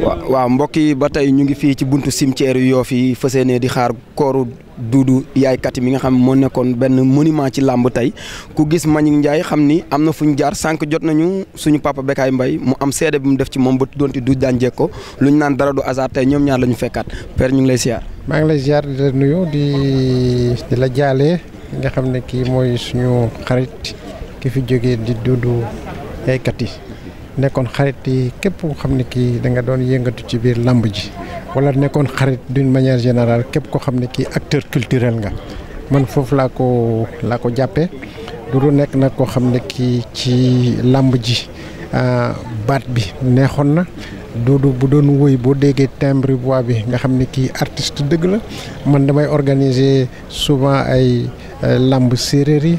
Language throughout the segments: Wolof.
waaw mbokk yi ba tey ñu ngi fii ci buntu sim cimetière yu Yoff yi fas yéene di xaar kooru Duudu Yaay Kati mi nga xam moo nekkoon benn monument ci làmb tey ku gis Manick Ndiaye xam ni am na fu ñu jaar sànq jot nañu suñu papa Bekaay mbay mu am seede bi mu def ci moom ba doonte du daan jekk ko lu ñu naan dara du hasard tey ñoom ñaar la ñu fekkaat père ñu ngi lay siyaar. maa ngi lay siyaar di la nuyu di di la jaale nga xam ne kii mooy suñu xarit ki fi jógee di Duudu Yaay nekkoon xarit yi képp koo xam ne kii da nga doon yëngatu ci biir làmb ji wala nekkoon xarit d'une manière général képp koo xam ne kii acteur culturel nga man foofu laa ko laa ko jàppe du lu nekk nag koo xam ne ki ci làmb ji ah, baat bi neexoon na duudu bu doon woy boo déggee timbre bois bi nga xam ne kii artiste dëgg la man damay organiser souvent ay euh, làmb séeréer yi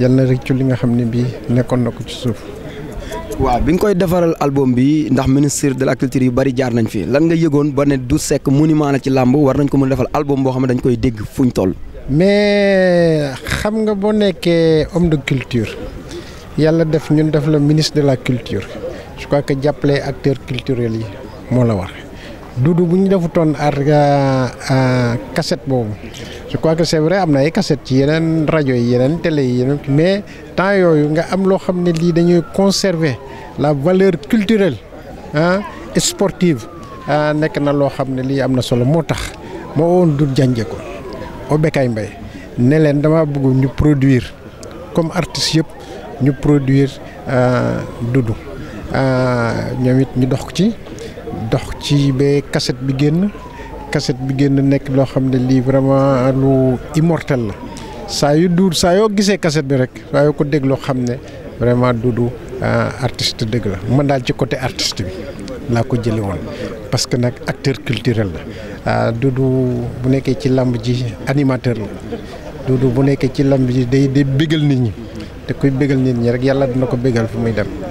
yàlla na rek ci li nga xam ne bii nekkoon na ko ci suuf. waaw bi nga koy defaral album bi ndax ministre de la culture yu bari jaar nañ fi lan nga yëgoon ba ne du sekk monument la ci làmb war nañ ko mën a defal album boo xam ne dañ koy dégg fu ñu toll. mais xam nga boo nekkee homme de culture yàlla def ñun def la ministre de la culture je crois que jàppale acteurs culturels yi moo la war duudu bu ñu defutoon ar euh, cassette boobu. je crois que c'est vrai am na ay cassette ci yeneen rajo yi yeneen télé yi yeneen mais temps yooyu nga am loo xam ne lii dañuy conserver la valeur culturelle ah sportive ah nekk na loo xam ne lii am na solo moo tax moo woon du jànje ko o Bécaye Mbaye ne leen dama bëgg ñu produire comme artistes yëpp ñu produire euh, Doudou euh, ñoom it ñu dox ko ci dox ci ba cassette bi génn kaset bi génn nekk loo xam ne vraiment lu immortel la saa yu duur saa yoo gisee cassette bi rek saa yoo ko dégloo xam ne vraiment dudu euh, artiste dëgg la man daal ci côté artiste bi laa ko jële woon parce que acteur culturel la euh, dudu bu cilam ci lamb ji animateur la dudu bu cilam ci lamb ji day day bégal nit ñi te kuy bégal nit ñi rek dina ko fu muy dem